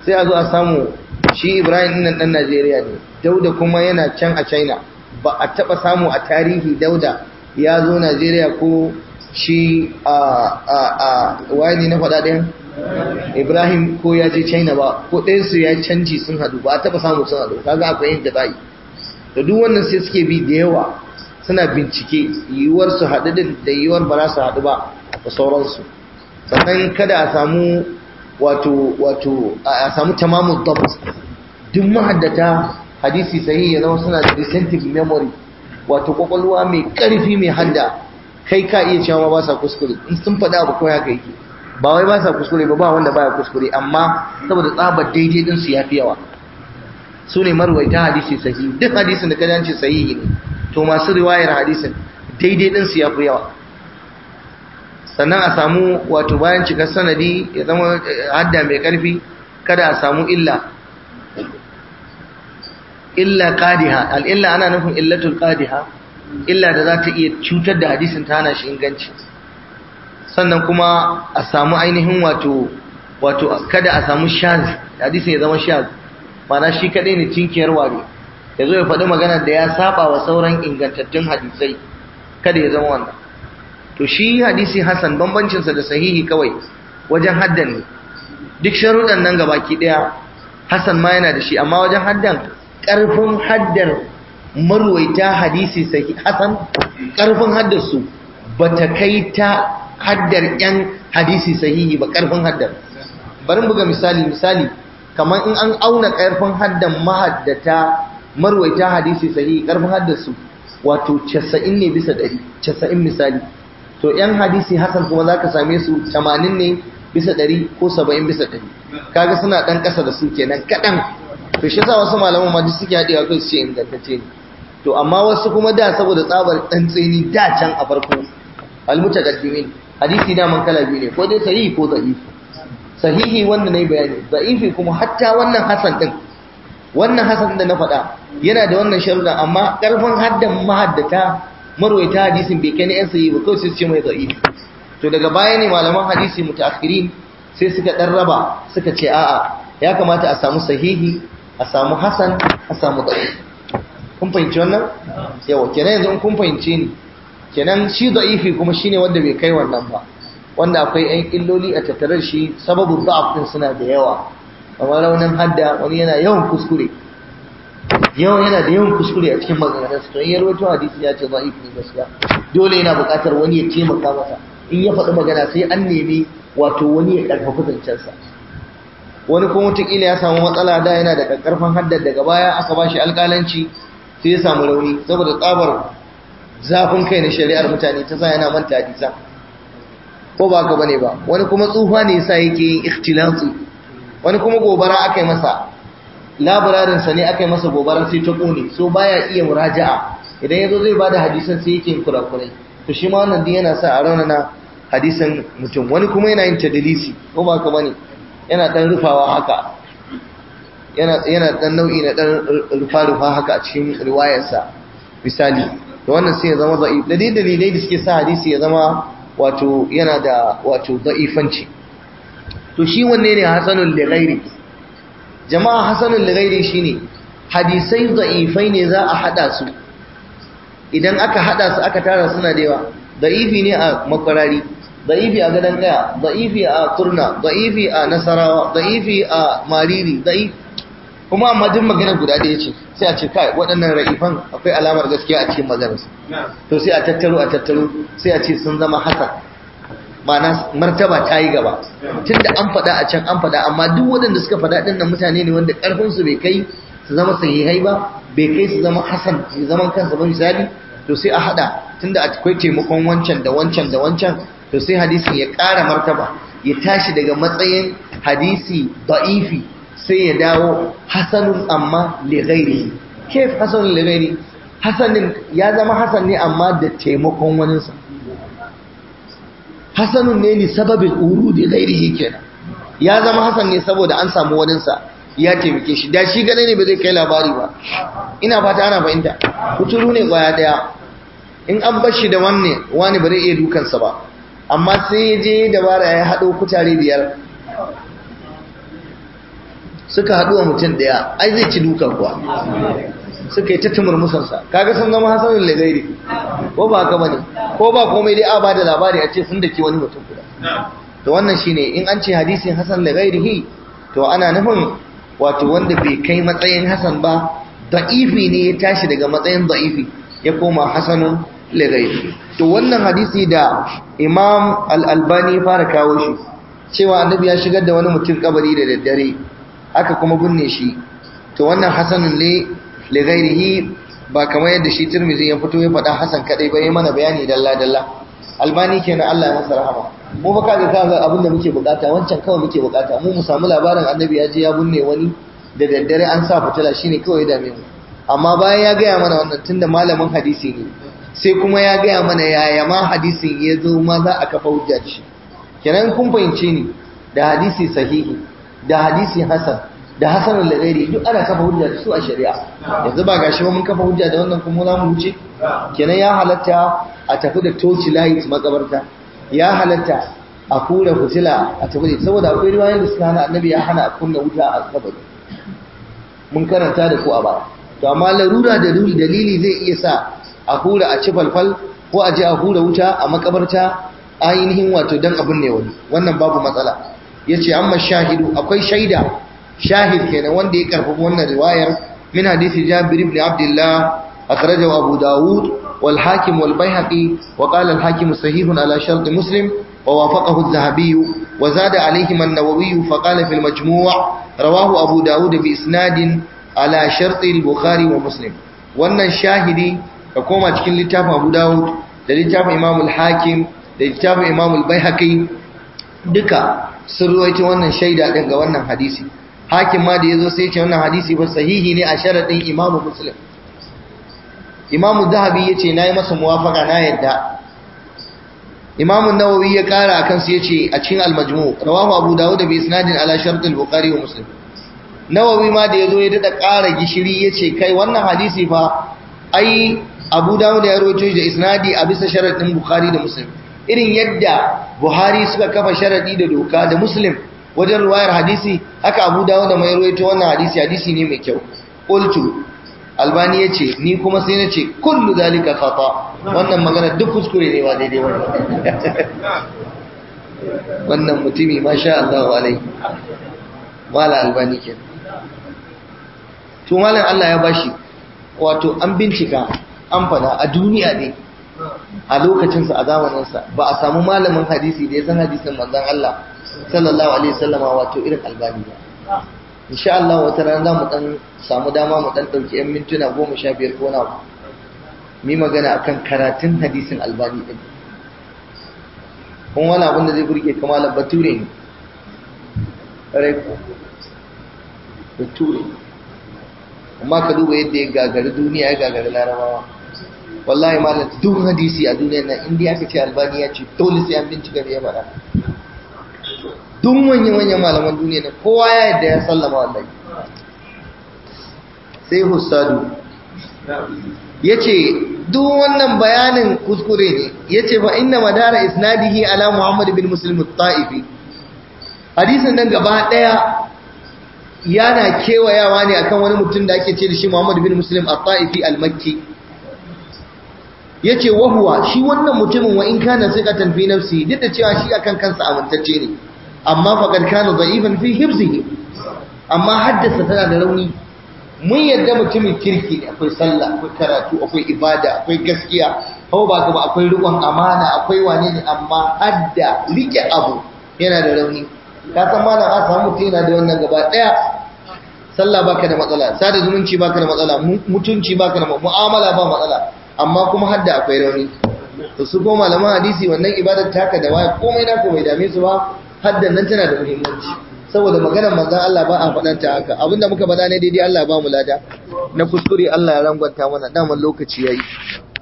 S1: sai a zo a samu shi ibrahim nan dan najeriya ne dauda kuma yana can a china ba a taba samu a tarihi dauda ya zo Najeriya ko shi a a a wani na faɗa ɗin Ibrahim ko ya je China ba ko ɗayan su ya canji sun hadu ba a taba samu sun hadu kaga akwai yin gaza'i da duk wannan sai suke bi da yawa suna bincike yiwuwar su haɗu din da yiwuwar ba za su haɗu ba da sauransu sannan kada a samu wato wato a samu tamamu dabt duk mahaddata hadisi sahihi ya zama suna da recentive memory wato kwakwalwa mai karfi mai handa kai ka iya cewa ba sa kuskure in sun faɗa abu ko haka yake ba wai ba sa kuskure ba ba wanda baya kuskure amma saboda tsabar daidai din su yafi yawa su ne marwaita hadisi sahihi duk hadisin da kajan ce sahihi ne to masu riwayar hadisin daidai din su yafi yawa sannan a samu wato bayan cika sanadi ya zama hadda mai karfi kada a samu illa illa qadiha al illa ana nufin illatul qadiha illa da za ta iya cutar da hadisin ta hana shi inganci sannan kuma a samu ainihin wato wato kada a samu shaz hadisin ya zama shaz mana shi kadai ne cinkiyar ware ya zo ya faɗi magana da ya saba wa sauran ingantattun hadisai kada ya zama wannan to shi hadisi hasan bambancinsa da sahihi kawai wajen haddan ne duk sharuɗan nan gabaki ɗaya hasan ma yana da shi amma wajen haddan ƙarfin haddar marwaita hadisi hasan ƙarfin haddarsu ba ta kai ta haddar yan hadisi sahihi ba ƙarfin haddar barin buga misali misali kamar in an auna ƙarfin haddan mahaddata marwaita hadisi sahihi ƙarfin haddarsu wato 90 ne bisa 100 misali to ƴan hadisi hasan kuma za ka same su 80 ne bisa 100 ko 70 bisa 100 kaga suna ɗan ƙasa da su kenan kaɗan to shi yasa wasu malaman ma duk suke haɗewa kai su ingantacce ne to amma wasu kuma da saboda tsabar dan tsini da can a farko almutaqaddimin hadisi da man kala biyu ne ko dai sahihi ko da'if sahihi wanda nayi bayani da'ifi kuma hatta wannan hasan din wannan hasan da na faɗa yana da wannan sharuda amma karfin haddan mahaddata marwaita hadisin bai kai ne yan sahihi ba kawai sai su ce mai za'ifi. to daga baya ne malaman hadisi mutaakhirin sai suka dan raba suka ce a'a ya kamata a samu sahihi a samu hasan a samu da'i kun fahimci wannan yawa kenan yanzu kun fahimci ni kenan shi da'ifi kuma shi ne wanda bai kai wannan ba wanda akwai yan illoli a tattare shi sababin da'af din suna da yawa kamar raunin hadda wani yana yawan kuskure yawan yana da yawan kuskure a cikin maganganunsa su in ya rawaito hadisi ya ce da'if ne gaskiya dole yana buƙatar wani ya taimaka masa in ya faɗi magana sai an nemi wato wani ya ƙarfafi zancensa wani kuma wataƙila ya samu matsala da yana da ƙarfin haddar daga baya aka ba shi alƙalanci sai ya samu rauni saboda tsabar zafin kai na shari'ar mutane ta sa yana manta hadisa ko ba ka bane ba wani kuma tsufa ne sa yake yin ikhtilatsi wani kuma gobara aka yi masa labararin sa ne aka yi masa gobara sai ta ƙone so baya iya muraja'a idan ya zo zai bada hadisan sai yake kurakurai to shi ma wannan din yana sa a raunana hadisan mutum wani kuma yana yin tadilisi ko ba ka bane yana ɗan rufawa haka yana ɗan nau'i na ɗan rufa-rufa haka a cikin riwayarsa misali da wannan sai ya zama za'if da dalilai da suke sa hadisi ya zama wato yana da wato za'ifanci to shi wanne ne hasanul lighairi jama'a hasanul shi ne, hadisai za'ifai ne za a haɗa su idan aka haɗa su aka tara suna da yawa za'ifi ne a makwarari da'ifi a gadon kaya da'ifi a kurna da'ifi a nasarawa da'ifi a mariri da'if kuma amma duk magana guda ɗaya ce sai a ce kai waɗannan ra'ifan akwai alamar gaskiya a cikin maganarsu to sai a tattaro a tattaro sai a ce sun zama hasan ma'ana martaba ta yi gaba tunda an faɗa a can an faɗa amma duk waɗanda suka faɗa ɗin nan mutane ne wanda ƙarfinsu bai kai su zama sahihai ba bai kai su zama hasan su zaman kansa ba misali to sai a haɗa tunda akwai taimakon wancan da wancan da wancan to sai hadisin ya ƙara martaba ya tashi daga matsayin hadisi da'ifi sai ya dawo hasanun amma lagari kef hasanun lagari hasanin ya zama hasan ne amma da taimakon waninsa hasanun ne ni sababin da ghairihi yake ya zama hasan ne saboda an samu waninsa ya taimake shi da shi gane ne ba zai kai labari ba ina fata ana fahimta kuturu ne kwaya daya in an bashi da wanne wani ba zai iya dukansa ba amma sai ya je dabara ya haɗo kutare biyar suka haɗu wa mutum ɗaya ai zai ci duka kuwa suka yi ta tumurmusarsa kaga sun zama hasanin lagari ko ba haka bane ko ba komai dai a ba da labari a ce sun daki wani mutum guda to wannan shine in an ce hadisin hasan lagairihi to ana nufin wato wanda bai kai matsayin hasan ba da'ifi ne ya tashi daga matsayin da'ifi ya koma hasanun to wannan hadisi da imam al-albani fara kawo shi cewa annabi ya shigar da wani mutum kabari da daddare aka kuma binne shi to wannan hasanun ne laghairihi ba kamar yadda shi tirmizi ya fito ya faɗa hasan kadai ba ya mana bayani dalla dalla albani kenan Allah ya masa rahama mu ka ga kaga abin da muke bukata wancan kawai muke bukata mu mu samu labarin annabi ya je ya binne wani da daddare an sa fitila shine kawai dame mu amma bayan ya gaya mana wannan tunda malamin hadisi ne sai kuma ya gaya mana yaya ma hadisin ya zo ma za a kafa hujja shi kenan kun fahimci ni da hadisi sahihi da hadisi hasan da hasan al-ghairi duk ana kafa hujja da su a shari'a yanzu ba gashi ba mun kafa hujja da wannan kuma za mu wuce kenan ya halatta a tafi da torch light makabarta ya halatta a kura fitila a tafi da saboda akwai riwayoyin da suka hana annabi ya hana a kunna wuta a kabari mun karanta da ku a ba to amma larura da dalili zai iya sa a hura a ci falfal ko a je a hura wuta a makabarta ainihin wato dan abin ne wani wannan babu matsala yace amma shahidu akwai shaida shahid kenan wanda ya karfafa wannan riwayar min hadisi Jabir ibn Abdullah akhrajahu Abu Dawud wal Hakim wal Baihaqi wa qala al Hakim sahihun ala shart Muslim wa wafaqahu adh-Dhahabi wa zada alayhi an-Nawawi fa qala majmu rawahu Abu Dawud bi isnadin ala shart al-Bukhari wa Muslim wannan shahidi ka koma cikin littafin abu dawud da littafin imamul hakim da littafin imamul baihaqi duka sun ruwaito wannan shaida din ga wannan hadisi hakim ma da yazo sai ya ce wannan hadisi ba sahihi ne a sharadin imamu muslim imamu zahabi ya ce na yi masa muwafaka na yadda imamu nawawi ya kara akan su ya ce a cikin almajmu rawahu abu dawud da bi isnadin ala shartul bukhari wa muslim nawawi ma da yazo ya dada kara gishiri ya ce kai wannan hadisi fa ai abu da ya roce da isnadi a bisa sharadin bukhari da muslim irin yadda buhari suka kafa sharadi da doka da muslim wajen ruwayar hadisi haka abu dawud da mai roce wannan hadisi hadisi ne mai kyau qultu albani ya ce ni kuma sai na ce kullu zalika khata wannan magana duk kuskure ne ba daidai wannan
S2: wannan mutumi masha Allah alai
S1: mala albani kenan. to malam Allah ya bashi wato an bincika an fada a duniya ne a lokacinsa a zamaninsa ba a samu malamin hadisi da ya san hadisin manzon Allah sallallahu alaihi wasallama wato irin albani ba insha Allah wata rana za mu dan samu dama mu dan dauki yan mintuna goma sha biyar ko nawa mi magana akan karatun hadisin albani din kun wani abin da zai burge kamala bature ne bature amma ka duba yadda ya gagari duniya ya gagari larabawa wallahi malam duk hadisi a duniyar nan indiya aka ce albani ya ce dole sai an bincika ya mara.
S2: duk manya-manyan malaman duniya na
S1: kowa ya yadda ya sallama wallahi sai hussadu ya ce duk wannan bayanin kuskure ne ya ce ba inna madara isnadihi ala muhammad bin muslim ta'ifi hadisin nan gaba ɗaya yana kewayawa ne akan wani mutum da ake ce da shi muhammad bin muslim a ta'ifi al-makki Ya ce, huwa shi wannan mutumin wa in kana siqatan fi nafsi duk da cewa shi akan kansa amintacce ne amma faqad kana da'ifan fi hifzihi amma haddasa tana da rauni mun yadda mutumin kirki ne akwai sallah akwai karatu akwai ibada akwai gaskiya hau ba gaba akwai riƙon amana akwai wane ne amma hadda rike abu yana da rauni ka san malam a samu mutum yana da wannan gaba daya sallah baka da matsala sada zumunci baka da matsala mutunci baka da mu'amala ba matsala amma kuma hadda akwai rauni to su ko malaman hadisi wannan ibadar taka da waya komai na komai dame su ba haddan nan tana da muhimmanci saboda maganar manzon Allah ba a faɗan ta haka abinda muka faɗa ne daidai Allah ba mu lada na kuskure Allah ya rangwanta mana daman lokaci yayi